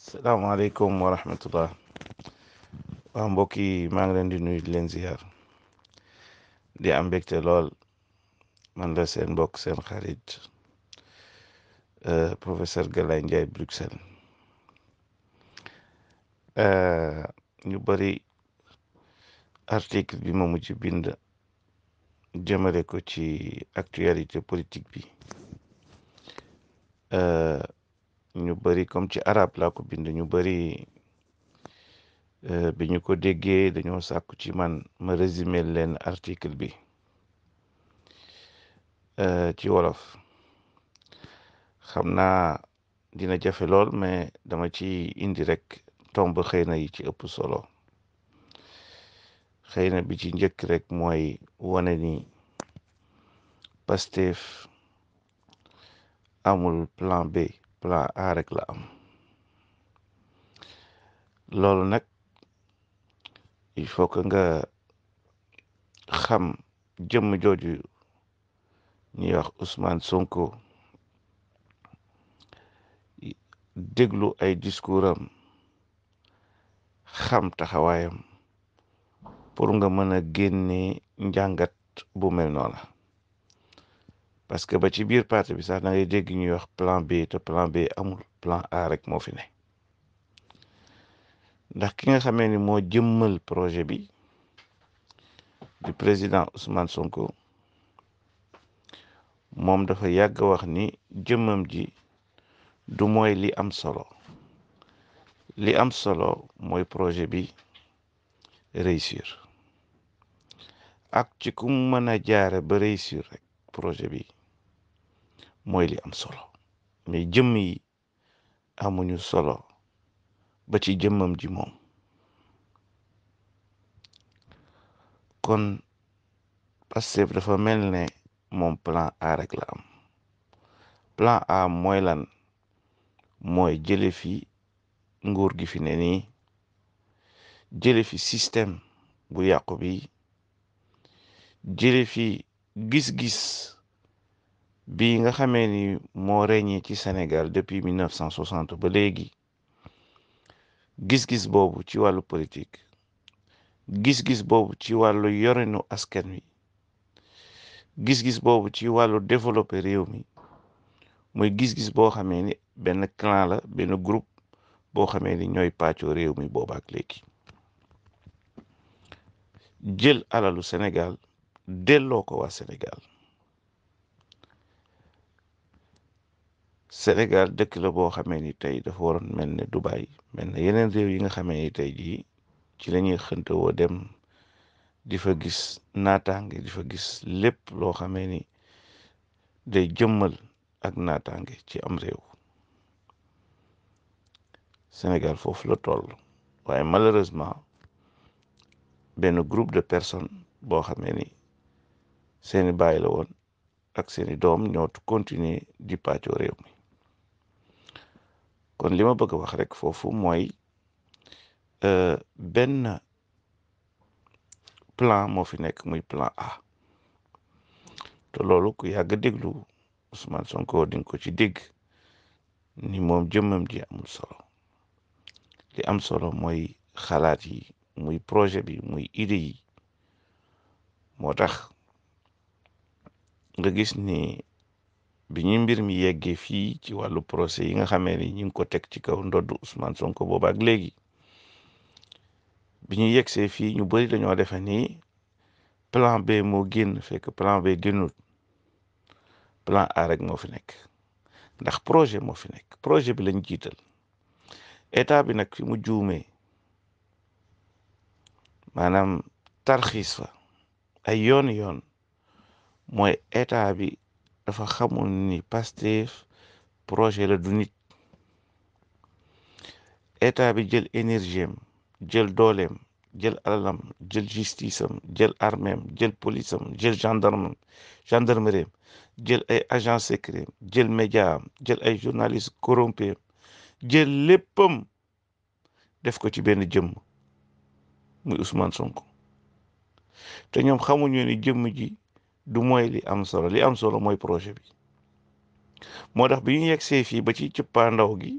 salaamaaleykum wa rahmatullah waa mbokk yi maa ngi leen di nuyu di leen ziyaar di am mbégte lool man la seen mbokk seen xarit euh, professeur Galaye Ndiaye Bruxelles euh, ñu bari article bi ma mujj bind jëmale ko ci actualité politik bi. Euh, ñu bari comme ci arab laa ko bind ñu bari euh, bi ñu ko déggee dañoo sàkku ci man ma résumé leen article bi euh, ci wolof xam naa dina jafe lool mais dama ci indi rekk tomb xëy na yi ci ëpp solo xëy na bi ci njëkk rek mooy wane ni Pastef amul plan B pla à ah, rek la am loolu nak il faut que nga xam jëm joju ñuy wax Ousmane Sonko deglu ay discoursam xam taxawayam pour nga mëna njangat bu mel nona parce que ba ci biir parti bi sax da ngay dégg ñuy wax plan B te plan B amul plan A rek moo fi ne ndax ki nga xamee ni moo jëmmal projet bi di président Ousmane Sonko moom dafa yàgg wax ni jëmmam ji du mooy li am solo li am solo mooy projet bi réussir ak ci kum mën a jaare ba réussir rek projet bi mooy li am solo mais jëmm yi amuñu solo ba ci jëmmam ji moom kon Pastef dafa mel ne moom plan A rek la am plan A mooy lan mooy jële fi nguur gi fi ne nii jële fi système bu yàqu bi jële fi gis-gis bii nga xamee ni moo reñee ci Sénégal depuis 1960 ba léegi gis-gis boobu ci wàllu politique gis-gis boobu ci wàllu yorinu askan wi gis-gis boobu ci wàllu développé réew mi mooy gis-gis boo xamee ni benn clan la benn groupe boo xamee ni ñooy pàccoo réew mi boobu ak léegi jël alalu Sénégal délloo ko waa Sénégal Sénégal dëkk la boo xamee ni tey dafa waroon mel ni Dubaï mel ne yeneen réew yi nga xamee ni tey jii ci la ñuy xëntewoo dem di fa gis naataange di fa gis lépp loo xamee ni day jëmmal ak naataange ci am réew Sénégal foofu la toll waaye malheureusement benn groupe de personnes boo xamee ni seeni bàyyi la woon ak seeni doom ñoo continuer di pàccoo réew mi kon li ma bëgg wax rek foofu mooy euh, benn plan moo fi nekk muy plan A te loolu ku yàgg déglu Ousmane Sonko ding nga ko ci dégg ni moom jëmmam ji amul solo li am solo mooy xalaat yi muy projet bi muy idi yi moo tax nga gis ni bi ñu mbir mi yeggee fii ci wàllu procès yi nga xamee ni ñu ngi ko teg ci kaw ndodd Ousmane Sonko booba ak léegi bi ñu yeggsee fii ñu bëri dañoo defe ni plan B moo génn fekk plan B génnul plan A rek moo fi nekk ndax projet moo fi nekk projet bi lañ jiital état bi nag fi mu juumee maanaam tarxiis fa ay yoon yoon mooy état bi dafa xamoon ni Pastef projet la du nit état bi jël énergie jël dooleem jël alalam jël justice jël armée jël police jël gendarme am gendarmerie jël ay agent secret jël média jël ay journaliste corrompu jël léppam def ko ci benn jëmm muy Ousmane Sonko te ñoom xamuñu ni jëmm ji du mooy li am solo li am solo mooy projet bi moo tax bi ñu yegsee fii ba ci cëppaandaw gi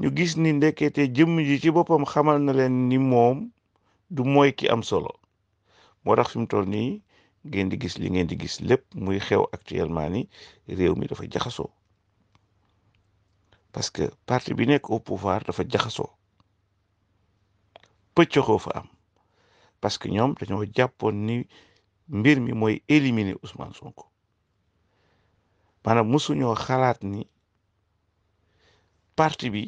ñu gis ni ndekete jëmm ji ci boppam xamal na leen ni moom du mooy ki am solo moo tax fi mu toll nii ngeen di gis li ngeen di gis lépp muy xew actuellement ni réew mi dafa jaxasoo parce que parti bi nekk au pouvoir dafa jaxasoo pëcc fa am parce que ñoom dañoo jàppoon ni. mbir mi mooy éliminer Ousmane Sonko maanaam mosuñoo xalaat ni parti bi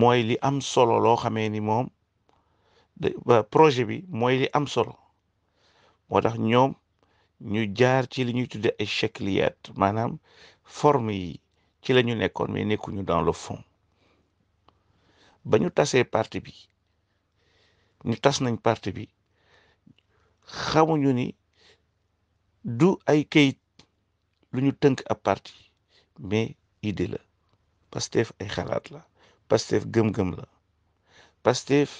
mooy li am solo loo xamee ni moom projet bi mooy li am solo moo tax ñoom ñu jaar ci li ñuy tudde ay checliat maanaam forme yi ci la ñu nekkoon mais nekkuñu dans le fond ba ñu tasee parti bi ñu tas nañ parti bi xamuñu ni du ay kayit lu ñu tënk ab parti mais idée la Pastef ay xalaat la Pastef gëm-gëm la Pastef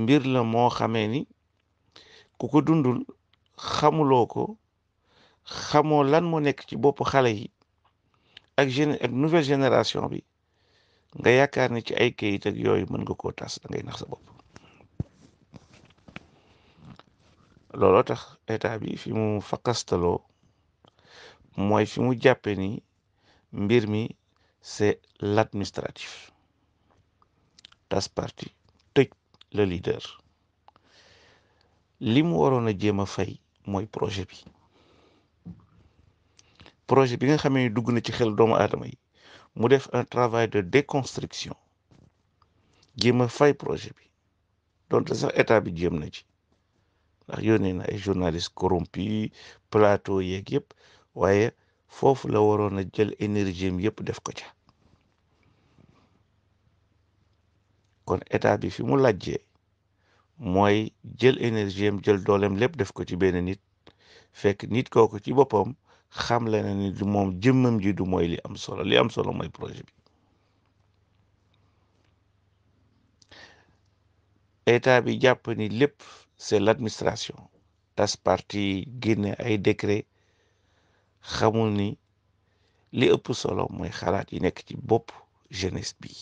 mbir la moo xamee ni ku ko dundul xamuloo ko xamoo lan moo nekk ci bopp xale yi ak gén ak nouvelle génération bi nga yaakaar ni ci ay kayit ak yooyu mën nga koo tas da ngay nax sa bopp looloo tax état bi fi mu fakastaloo mooy fi mu jàppe ni mbir mi c'est l'administratif tas parti tëj le leader li mu waroon a jéem a fay mooy projet bi projet bi nga xamee ni dugg na ci xel doomu aadama yi mu def un travail de déconstruction jéem a fay projet bi donte sax état bi jéem na ci ndax yónnee na ay journaliste corrompus plateau yeeg yëpp waaye foofu la waroon a jël énergie am yëpp def ko ca kon état bi fi mu lajjee mooy jël énergie jël doolem lépp def ko ci benn nit fekk nit kooku ci boppam xam la ne ni moom jëmmam ji du mooy li am solo li am solo mooy projet bi état bi jàpp ni lépp c'est l'administration tas parti Guinée, ay décret xamul ni li ëpp solo moy xalaat yi nekk ci bop jeunesse bi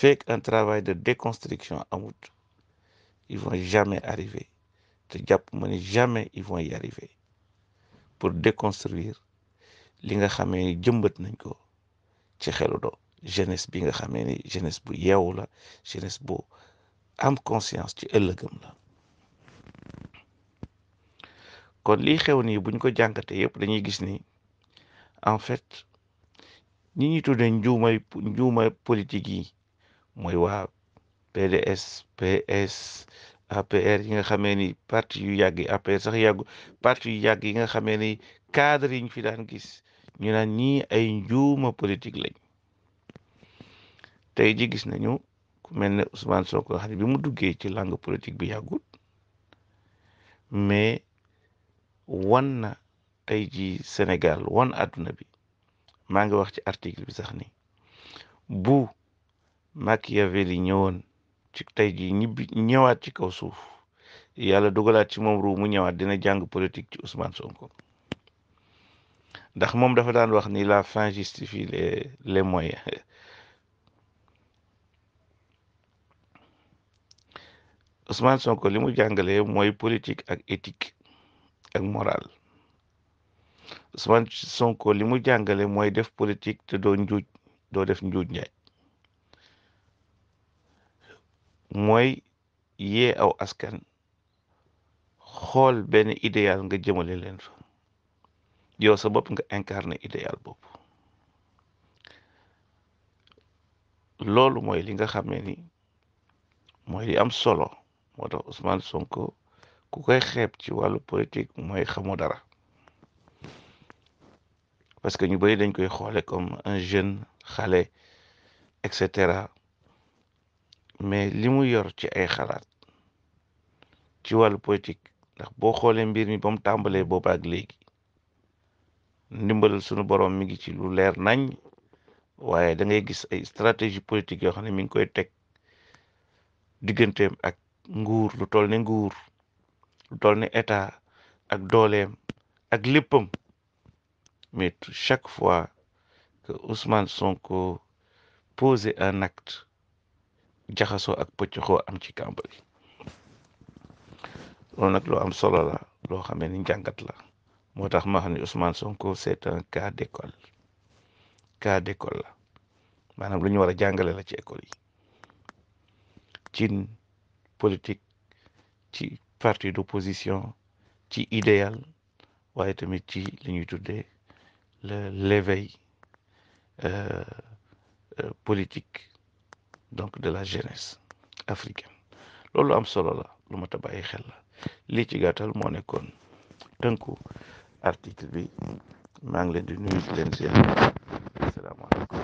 Fait un travail de déconstruction amout ils vont jamais arriver te japp jamais ils vont y arriver pour déconstruire li nga xamé ni jëmbat nañ ko ci xelu do jeunesse bi nga jeunesse bu yeewu la jeunesse bu am conscience ci ëllëgam la kon lii xew nii buñ ko jànkate yëpp dañuy gis ni en fait ñi ñuy tudde njuumay njuuma politique yi mooy waa PDS PS APR yi nga xamee ni parti yu yàgg yi APR sax yàggu parti yu yàgg yi nga xamee ni cadre yi fi daan gis ñu naan ñii ay juuma politique lañ tey ji nañu mel ne Ousmane Sonko nga xam ne bi mu duggee ci langue politique bi yàggut mais wan na tey ji Sénégal wann àdduna bi maa ngi wax ci article bi sax ni bu Machiavelli ñëwoon ci tey ji ñibbi ñëwaat ci kaw suuf yàlla dugalaat ci moom ruu mu ñëwaat dina jàng politique ci Ousmane Sonko ndax moom dafa daan wax ni la fin justifie le les Ousmane Sonko li mu jàngalee mooy politik ak éthique ak morale Ousmane Sonko li mu jàngale mooy def politique te doo njuuj doo def njuuj njaaj mooy yee aw askan xool benn idéal nga jëmale leen fa yow sa bopp nga incarné idéal bopp loolu mooy li nga xam ni mooy li am solo moo tax Ousmane Sonko ku koy xeeb ci wàllu politique mooy xamu dara parce que ñu bëri dañ koy xoole comme un jeune xale et cetera mais li mu yor ci ay xalaat ci wàllu politique ndax boo xoolee mbir mi ba mu tàmbalee booba ak léegi ndimbalal sunu borom mi ngi ci lu leer nañ waaye da ngay gis ay stratégie politique yoo xam ne mi ngi koy teg digganteem ak nguur lu toll ne nguur lu toll ne état ak dooleem ak léppam mais chaque fois que Ousmane Sonko posé un acte jaxasoo ak pëccxoo am ci kàmb gi loolu nag loo am solo la loo xamee ni njàngat la moo tax ma xam ne Ousmane Sonko c'est un cas d'école cas d'école la maanaam lu ñu war a jàngale la ci école yi ci politique ci parti d'opposition ci idéal waaye tamit ci li ñuy le l'éveil euh, euh, politique donc de la jeunesse africaine Lolu am solo la luma ta bàyyi xel la lii ci gàttal moo nekkoon tënku article bi maa ngi leen di nuyu leen ziar asalaamaaleykum